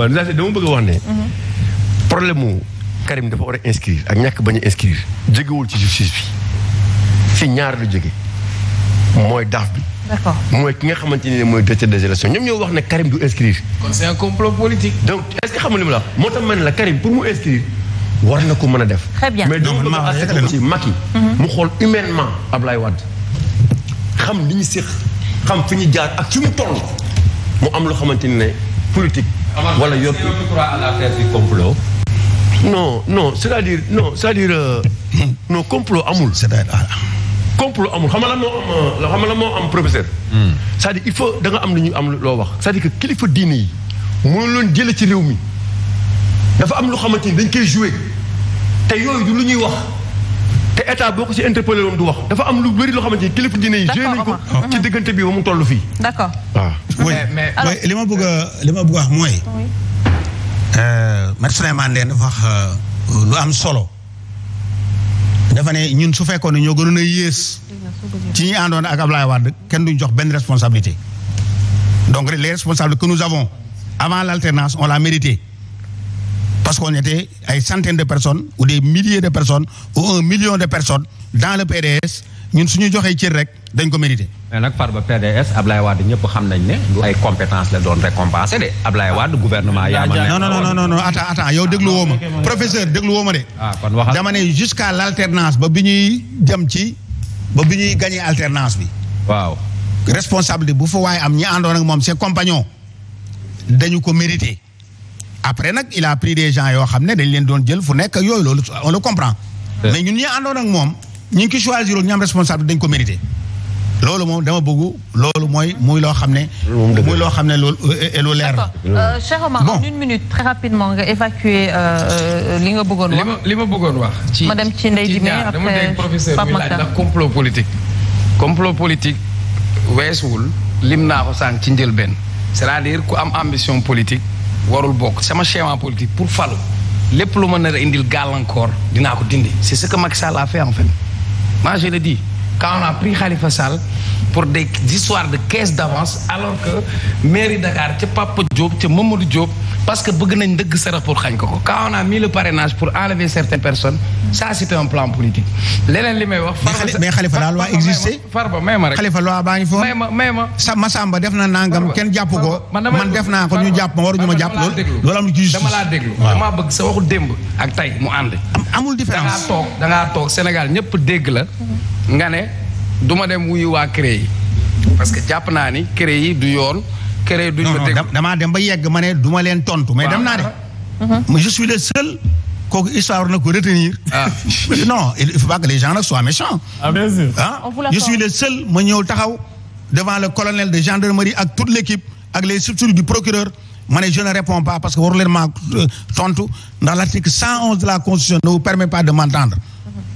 waaw Ndiaye dama bëgg a wax ne. problème mu Karim dafa war a inscrire ak ñàkk bañ a inscrire jógewul ci justice bi si ñaar lu jóge mooy daaf bi. d'accord mooy ki nga xamante ne mooy directeur des élections ñoom ñoo wax ne Karim du inscrire. kon c'est un complot politique. donc est-ce que xam nga li ma la wax moo tax ma ne la Karim pour mu inscrire war na ko mën a def. très bien mais donc ma ci mhm. mu xool humainement Ablaye Wade xam li ñu séq xam fi ñu jaar ak fi mu toll mu am loo xamante ne. politique. wala yokk à la thèse du c'est-à-dire non c'est-à-dire euh, complot amul. c'est-à-dire complot amul xam nga lan moo am euh, xam nga moo am professeur. Hmm. c'est-à-dire il faut danga am lu ñuy am loo wax. c'est-à-dire que kilifa diine yi mënul leen jëlee ci réew mi dafa am lu xamante ni dañ koy jouer te yooyu du lu ñuy wax. te état boo ko ci interpellé du wax dafa am lu bëri loo xamante ni kilifa diine yi jëlee nañ ko ci diggante bi ba mu toll fii d'accord waaw ah. mais li ma bëgg a li ma bëgg a wax mooy euh, maître Souleymane euh, lu am solo dafa ne ñun su fekkoon ne ñoo gënoon a yées ci ñi àndoon ak Ablaye Wade kenn duñ jox benn responsabilité donc les responsables que nous avons avant l'alternance on l'a mérité parce qu'on était ay centaines de personnes ou des milliers de personnes ou un million de personnes dans le PDS ñun suñu joxee cër rek dañ ko mérité. mais nag par ba PDS Ablaye Wade ñëpp xam nañ ne du ay compétence la doon récompensé de Ablaye Wade gouvernement yaa ma non non non non non attends attends yow ma professeur déglu woo ma de. Ah, ne jusqu'à l'alternance ba bi ñuy jam ci ba bi ñuy gañee alternance bi. waaw responsabilité bu fa waaye am ñi àndoon ak moom ses compagnons dañu ko mérité. après nag il a pris des gens yoo xam ne dañ leen doon jël fu nekk yooyu loolu on le comprend. Eh. mais ñun ñi àndoon moom ñi ngi ki choisir ñu am responsable dañ ko mérité. loolu moom dama bëgg loolu mooy muy loo xam ne. muy loo xam ne loolu euh, euh, lu leer la. d'accord euh, cher Omar en une minute très rapidement nga évacuer li nga bëggoon wax. ma li ma bëggoon wax. ci madame ci Ndeye Dime après Pape Makhtar ndax complot politique. complot politique weesuwul lim naa ko sànq ci njëlbeen. c'est-à-dire ku am ambition politique. warul bokk sama schéma politique pour fal lépp lu ma nar a indil gàllankoor dinaa ko dindi c'est ce que Macky Sall a fait en fait moi je quand on a pris Khalifa Sall pour des histoires de caisse d'avance alors que mairie Dakar ca Papa Diop ca Mamadou Diop parce que bëgg nañ dëgg sarax pour xañ ko ko quand on a pour enlever certaines personnes ça c'était un plan politique leneen li may wax. mais Khalifa la loi existait. Farba may ma rek Khalifa loi baa ngi foofu. may ma may ma. sa def na nangam kenn jàpp ko. man def naa ko ñu jàpp ma waruñu ma jàpp loolu. loolu am ci dama laa déglu dama bëgg sa waxu démb. ak tey mu ànd. amul différence toog da toog Sénégal ñëpp dégg la. nga ne duma ma dem wuyu waa CREI parce que jàpp naa ni CREI yi du yoon. CREI duñ ma dégg damaa dem ba yegg ma ne duma leen tontu. mais dem naa de. je suis le seul. kooku histoire na ko retenir. ah non il faut pas que les gens nag ah, ah. le seul ma ñëw taxaw devant le colonel de gendarmerie ak toute l' équipe ak les structures du procureur ma ne je ne pas parce que waru leen maa euh, tontu ndax l' article 111 de la constitution ne vous permet pas de m'entendre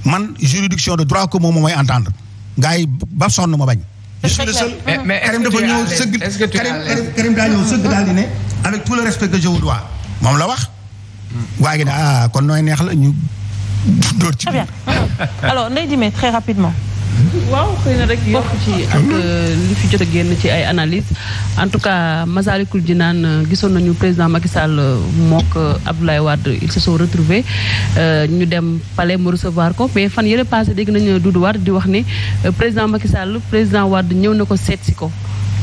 man juridiction de droit commun moom mooy entendre gars yi ba sonn ma bañ. je suis le mais Karim dafa ñëw sëgg. est que tu Karim daa ñëw sëgg daal di ne. avec tout le respect que je vous moom la wax. waa gi ne ah kon nooy neex la ñu dóor ci. alors Ndeye Dime très rapidement. waaw xëy na rek yokk ci ak mhm. euh, li fi jot génn ci ay analyse en tout cas Masalikul naan euh, gisoon nañu président Macky Sall euh, mook Abdoulaye Wade ils se sont retrouvés ñu dem palais mu recevoir ko mais fan yële passé dégg nañu Doudou Wade di wax ni président Macky président Wade ñëw na ko seetsi ko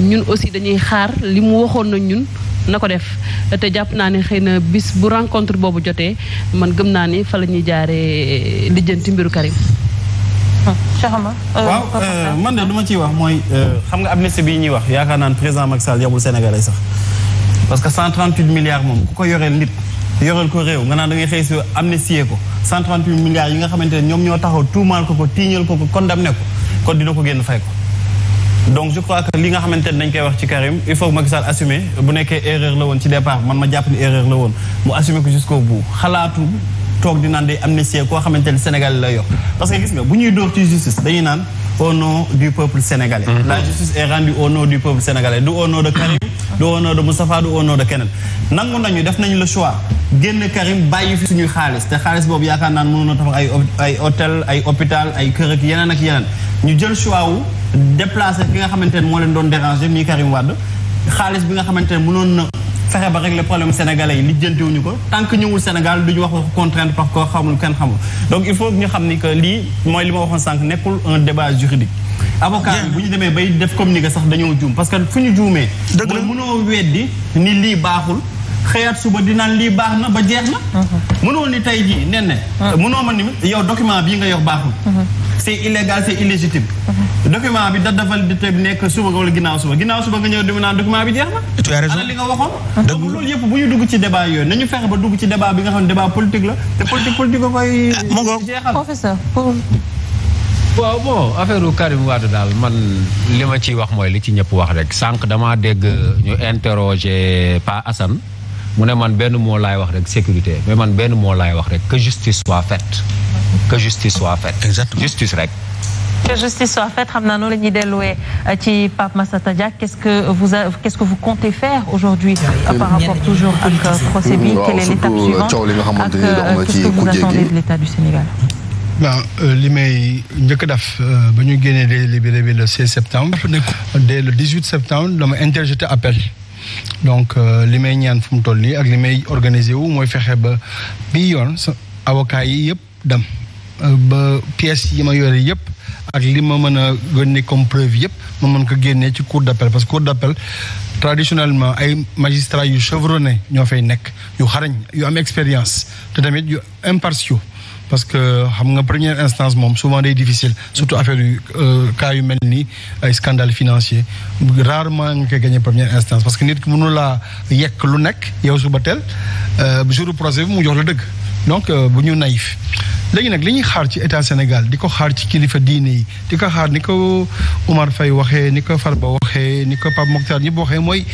ñun aussi dañuy xaar li mu waxoon na ñun na ko def te jàpp naa ne xëy na bis bu rencontre boobu jotee man gëm naa ni fa la ñuy jaaree lijjanti mbiru Karim Euh, waaw euh, man de lu ma ciy wax mooy euh, xam nga amnistie bi ñuy wax yaakaar naan président Macky Sall yabul Sénégalais sax parce que 138 milliards moom ku ko yoreel nit yoreel ko réew nga naan da ngay xëy si amnistier ko 138 milliards yi nga xamante ne ñoom ñoo taxaw tuumaal ko ko tiiñal ko ko condamné ko kon dina ko génn fay ko donc je crois que li nga xamante ne dañ koy wax ci Karim il faut que Macky Sall assumer bu nekkee erreur la woon ci départ man ma jàpp ni erreur la woon mu assumer ko toog di naan day amnistie koo xamante ne Sénégal la yor parce que gis nga bu ñuy dóor ci justice dañuy naan au du peuple sénégalais. Mhm. la justice est rendue au nom du peuple sénégalais du au nom de Karim du au nom de Moustapha du keneen nangu nañu def nañu le choix génn Karim bàyyi fi suñuy xaalis te xaalis boobu yaakaar naan mënoon a tax ay hôpital ay kër ak yeneen ak yeneen ñu jël choix wu déplacer ki nga xamante moo leen doon déranger muy Karim Wade xaalis fexe ba régler problème sénégalais yi lijjantiwuñu ko tant que ñëwul Sénégal duñu wax waxu contrainte par ko xamul kenn xamul donc il faut que ñu xam ni que lii mooy li ma waxoon sànq nekkul un débat juridique avocat bu ñu demee bay def communiqué sax dañoo juum parce que fu ñu juumee mooy mënoo weddi ni lii baaxul xëyaat suba dinaan lii baax na ba jeex na uh-huh. mënoo ni tey jii nen ne uh-huh. mënoo ma ni yow document bii nga yor baaxul uh-huh. c'est illégal c'est illégitime document bi date de validité bi nekk suba wala ginnaaw suba ginnaaw suba nga ñëw di naan document bi jeex na. tu as raison ana li nga waxoon. donc loolu yëpp bu ñu dugg ci débat yooyu nañu fexe ba dugg ci débat bi nga xam ne débat politique la te politique politique koy. Ah, jeexal professeur pour. waaw bon affaire Karim Wade daal man li ma ciy wax mooy li ci ñëpp wax rek sànq damaa dégg ñu interroger Pa Assane mu ne man benn moo laay wax rek sécurité mais man benn moo wax rek que justice soit faite. que justice rek. justice soit faite xam naa noonu la ñuy delluwee euh, ci Pape Massata Diack qu'est-ce que vous a, qu'est-ce que vous comptez faire aujourd'hui euh, par rapport toujours ak procès bi quelle est l'étape suivante ak euh, qu'est-ce que vous attendez de l'état du Sénégal waaw li may njëkk def ba ñu génnee les libérés bi le 16 septembre dès le 18 septembre dama interjeté appel donc li may ñaan fu mu toll nii ak li may organisé wu mooy fexe ba bii yoon avocat yi yëpp dem Euh, ba pièces yi ma yore yëpp ak li ma mën a génne comme preuve yëpp ma mën ko génnee ci cour d'appel parce que cour d'appel traditionnellement ay magistrats yu chevronnés ñoo fay nekk yu xarañ yu am expérience te tamit yu impartiaux parce que xam nga première instance moom souvent de difficile surtout affaire yu euh, cas yu mel ni ay scandale financier rarement nga ko gagné première instance parce que nit ki mënu laa yekk lu nekk yow suba teel euh, jour procès mu jox la dëgg donc bu ñu naïf léegi nag li ñuy xaar ci état Sénégal di ko xaar ci kilifa diine yi di ko xaar ni ko Umar fay waxee ni ko Farba waxee ni ko Pape Mokhtar ñëpp waxee mooy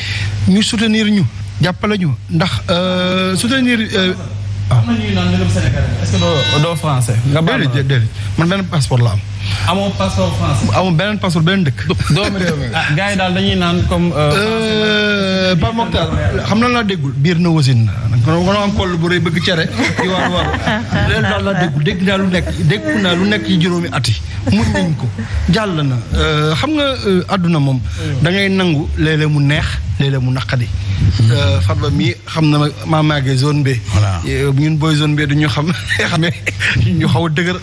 ñu soutenir ñu jàppale ñu ndax euh, soutenir. Euh, am na ñuy naan Sénégal doo français. nga baal man benn passeport la am. amoo passeport France. amoo beneen passeport beneen dëkk. doomu réew mi ah daal dañuy naan comme. Euh, euh, Pape Mokhtar xam na laa déggul biir na wasin na. kon kon bu rëy bëgg cere. di dégg naa nekk dégg naa lu nekk ci juróomi at yi. jàll na euh, xam nga àdduna moom. da nangu léeg-léeg mu neex léeg-léeg mu naqadi. Fatba mii xam na ma màggee zone B. ñun booy zone B du ñu xam xamee ñu xaw a dëgër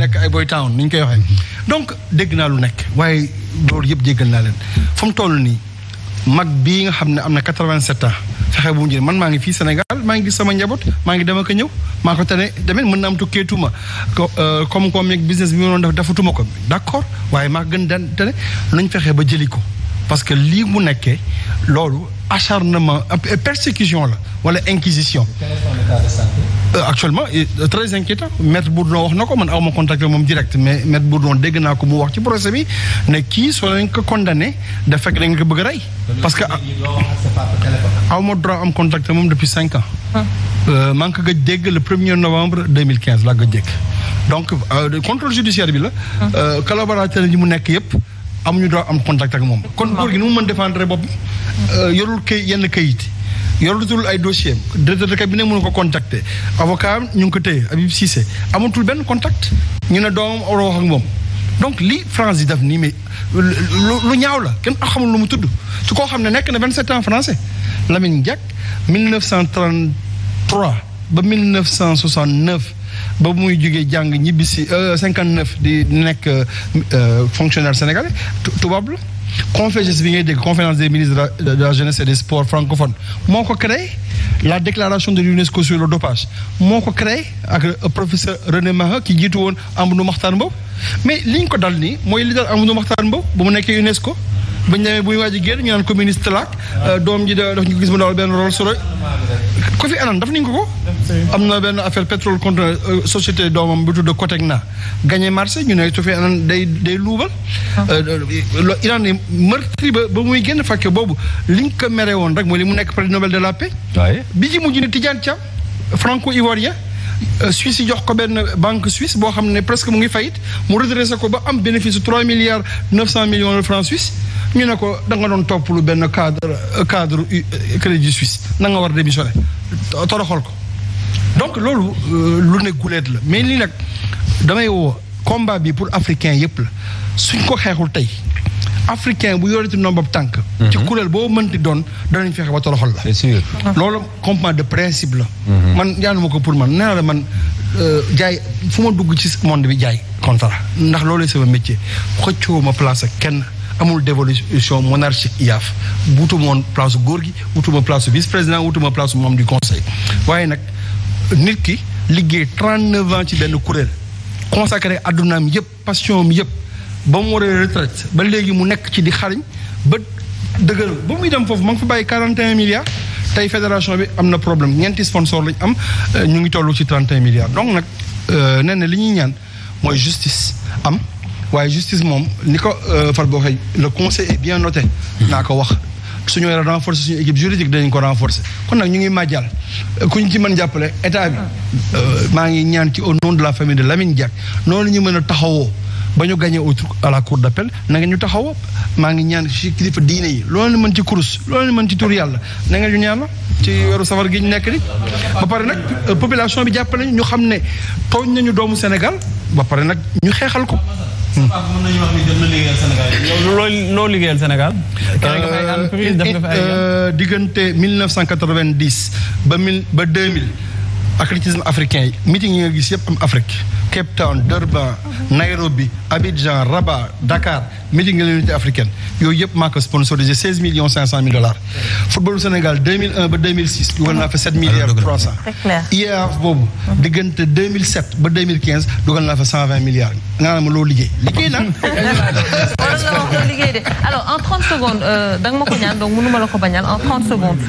nekk ay boy town ni ñu koy waxee. donc dégg naa lu nekk waaye loolu yëpp jéggal naa leen fu mu toll nii mag bii nga xam ne am na 87 ans fexe bu mu jëlee man maa ngi fii Sénégal maa ngi gis sama njaboot maa ngi dem ak a ñëw maa ko tane tamit mën na am tukkeetuma comme euh, comme yeeg business bi ma doon def defatuma ko d'accord waaye maa gën te tane nañ fexe ba jëli ko parce que lii mu nekkee loolu acharnement euh, persécution la wala inquisition Euh, actuellement euh, très inquiétant maître Bourdon wax na ko man aw ma contacté moom direct mais maître Bourdon dégg naa ko mu wax ci procès bi ne kii soo leen ko condamné fekk da bëgg a rey. parce que ah, aw ma droit am contacté moom depuis cinq ans. Ah. Euh, maa ngi ko gëj dégg le premier novembre deux mille quinze laa ko dégg donc contrôle judiciaire bi la. Ah. collaborateur yi mu nekk yëpp. amuñu droit am contact ak moom. kon góor gi nu mu mën défendre boppam. yorul kay yenn kayit. yoratul ay dossier am directeur de cabinet mënu ko contacter avocat ñu ngi ko téye Habib Cissé amatul benn contact ñu ne doomam waroo wax ak moom. donc lii France di def nii mais lu ñaaw la kenn xamul lu mu tudd su koo xam ne nekk na 27 ans français Lamine Diack 1933 ba 1969. ba muy jógee jàng ñibbi si 59 di nekk euh, fonctionnaire sénégalais tubaab la. CONFEJES bi ngay dég conférence des ministres de la jeunesse et des sports francophones moo ko créé la déclaration de l'UNESCO sur le dopage moo ko créé ak professeur René Maha ki jiitu woon Amadou Mahtar Mbow mais li ñu ko dal nii mooy li dal Amadou Mahtar Mbow ba mu nekkee UNESCO ba ñu demee bu ñu waaj a génn ñu naan communiste laak euh, doom ji da daf ñu gis mu dawal benn rôle solo fi anan daf nañ ko ko. am na benn affaire pétrole contre euh, société doomam bu tudd Cotecna gagné marché ñu ne su fi anan day day luubal. Ah. Euh, euh, Iran ne ba ba muy génn fàkke boobu liñ ko mere woon rek mooy li mu nekk prix Nobel de la paix. bi ci mujj ne Tidiane Thiam franco ivoirien. Suisse yi jox ko benn banque suisse boo xam ne presque mu ngi fayit mu redressé ko ba am bénéfice su 3 milliards 900 millions de francs suisse ñu ne ko da nga doon topp lu benn cadre cadre crédit suisse na nga war démissionné toroxol ko donc loolu euh, lu ne guleet la mais lii nag damay woo combat bi pour africain yëpp la suñ ko xeexul tey africain bu yoreti bu tànk ci mhm. kuréel boo mënti doon danañ fexe ba toroxal la c'est sûr loolu comprendre de principe la mhm. man ma ko pour man nee na la man euh, jaay fu ma dugg ci monde bi jaay contrat ndax loolu sama métier xëccoo ma place ak kenn amul dévolution monarchique IAAF wutuma moon place góor gi wutuma place vice président wutuma place membre du conseil waaye nag nit ki liggéey 39 ans ci benn kuréel consacré addunaam yëpp passion am yëpp ba mu waree retraite ba léegi mu nekk ci di xariñ ba dëgër ba muy dem foofu ma ngi fa bàyyi 41 milliards tey fédération bi am na problème ñeenti sponsor lañ am euh, ñu ngi tollu ci 31 milliards donc nag euh, nee na li ñuy ñaan mooy justice am waaye justice moom ni ko far boo xëy le conseil est bien noté naa ko wax suñu renforcer suñu équipe juridique danañ ko renforcer kon nag ñu ngi màjjal ku ñu ci mën jàppale état bi euh, maa ngi ñaan ci au nom de la famille de Lamine Diack noonu ñu mën a taxawoo ba ñu gagné au à la cour d' appel na ñu taxawoo maa ngi ñaan ci kilifa diine yi loolu mën ci kurus loolu mën ci tur yàlla na nga ñu ñaan ci weeru safar gi ñu nekk ni ba pare nag population bi jàppale ñu xam ne tooñ nañu doomu Sénégal ba pare nag ñu xeexal ko sa papa mën nañu wax Sénégal yow loolu loo liggéeyal Sénégal. Euh, def na fa ay euh, diggante ba mille ba 2000. athlétisme africain yi meeting yi nga gis yëpp am Afrique Cape Town Durban Nairobi Abidjan Rabat Dakar meeting de l'unité africaine yooyu yëpp maa ko sponsorisé 16 millions 500 mille dollars. football Sénégal 2001 ba 2006. dugal naa fa 7 milliards 300. IEF boobu. ba 2015 dugal naa fa 120 milliards nga loo liggéey liggéey na. alors euh, da ma ko ñaan donc mënu ma la ko bañal en secondes.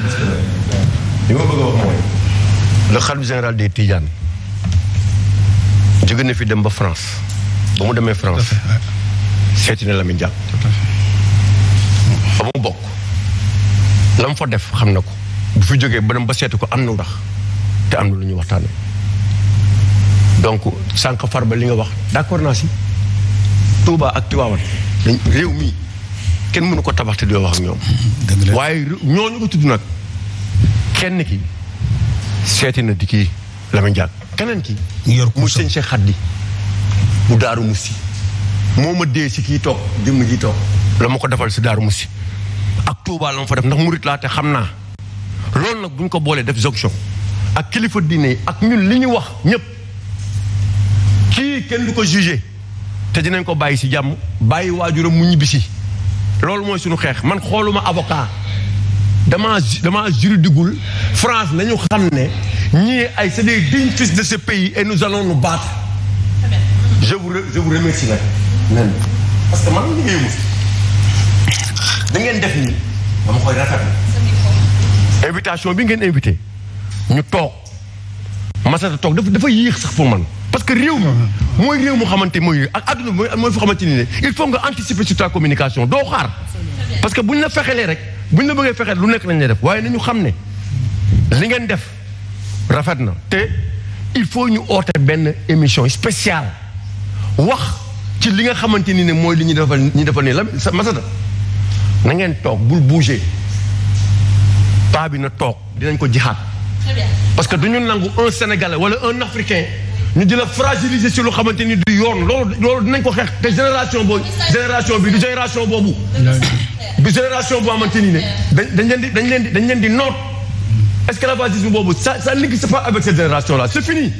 a wax le khalife général des Tidiane jóge na fi dem ba France ba mu demee France seeti na Lamine Diack ba mu bokk la mu fa def xam na ko bu fi jógee ba dem ba seeti ko am na wax te am na lu ñu waxtaane donc sànq ba li nga wax d'accord naa si Touba ak Tiwaawan réew mi kenn mënu ko tabax te doo wax ak ñoom waaye ñooñu ko tudd nag kenn ki seeti na di ki Lamine Diack keneen ki mu yor mu sëñ Cheikh Khady mu daaru mussi moo ma dee kii toog jëmm ji toog la ma ko defal si daaru musi ak Touba la ma fa def ndax murit laa te xam naa loolu nag bu ko boolee def jonction ak kilifa diine ak ñun li ñu wax ñëpp kii kenn du ko jugé te dinañ ko bàyyi si jàmm bàyyi waajuram mu ñibbisi loolu mooy suñu xeex man xooluma avocat damaa damaa juridigul France nañu xam ne ñii ay c'est des dignes fils de ce pays et nous allons nous battre je vous remercie nag nen parce que man li ngay wut da ngeen def nii dama invitation bi ngeen invité ñu toog masata toog dafa dafa yéex sax pour man parce que réew mi mooy réew mu xamante mooy ak adduna mooy mooy foo xamante ni ne il faut nga anticiper sur ta communication doo xaar parce que buñ la fexelee rek bu ñu la bëggee fexee lu nekk lañ def waaye nañu xam ne li ngeen def rafet na te il faut ñu oote benn émission spéciale wax ci li nga xamante ni ne mooy li ñu defal ñu defal nii la masata na ngeen toog bul bouger paa bi na toog dinañ ko jixaat parce que du ñu nangu un sénégalais wala un africain ñu di la fragiliser ci lu xamante ni du yoon loolu loolu dinañ ko xeex te génération boobu génération bi du génération boobu du génération boo xamante ni ne dañ leen di dañ leen di dañ leen di noot esclavagisme boobu ça ça n'existe pas avec cette génération là c'est fini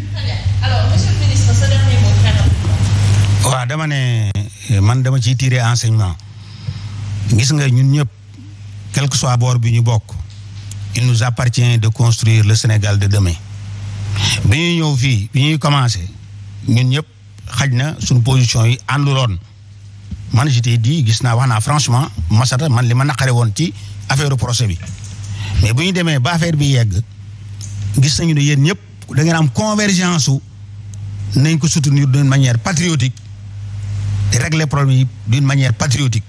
alors dama ne man dama ciy tiire enseignement gis nga ñun ñëpp quel que soit bord bi ñu bokk il nous appartient de construire le Sénégal de demain bi ñuy ñëw fii bi ñuy commencé ñun ñëpp xaj na suñu position yi ànduloon man j'étais dit gis naa wax naa franchement masata man li ma naqare woon ci affaire procès bi mais bu ñu demee ba affaire bi yegg gis nañu ne yéen ñëpp da ngeen am convergence su nañ ko soutenir d'une manière patriotique di régler problème yi d'une manière patriotique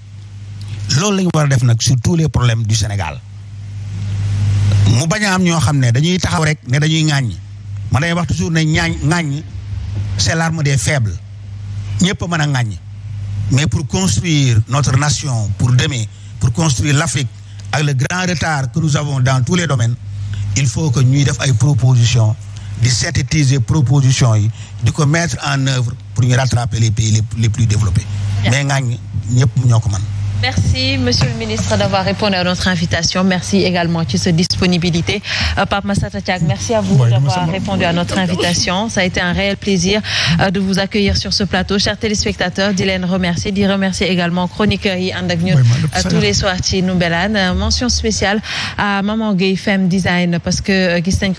loolu la ñu def nag sur les problèmes du Sénégal mu bañ a am ñoo xam ne dañuy taxaw rek ne dañuy ŋàññi man day wax toujours ne ñaañ ŋàññ c'est l'arme des faibles ñëpp a mën a ŋàññ mais pour construire notre nation pour demain pour construire l'Afrique ak le grand retard que nous avons dans tous les domaines il faut que ñuy def ay propositions di synthétiser propositions yi di ko mettre en œuvre pour ñu rattraper les pays les plus développés mais ŋàññ ñëpp ñoo ko mën merci monsieur le ministre d'avoir répondu à notre invitation merci également ci sa disponibilité euh, Pape Massata merci à vous d'avoir répondu à notre invitation ça a été un réel plaisir euh, de vous accueillir sur ce plateau chers téléspectateurs di leen remercier remercier également chroniqueurs yi ànd euh, tous les soirs ci Ndoumbelane euh, mention spéciale à Maman Gueye Femme Design parce que gis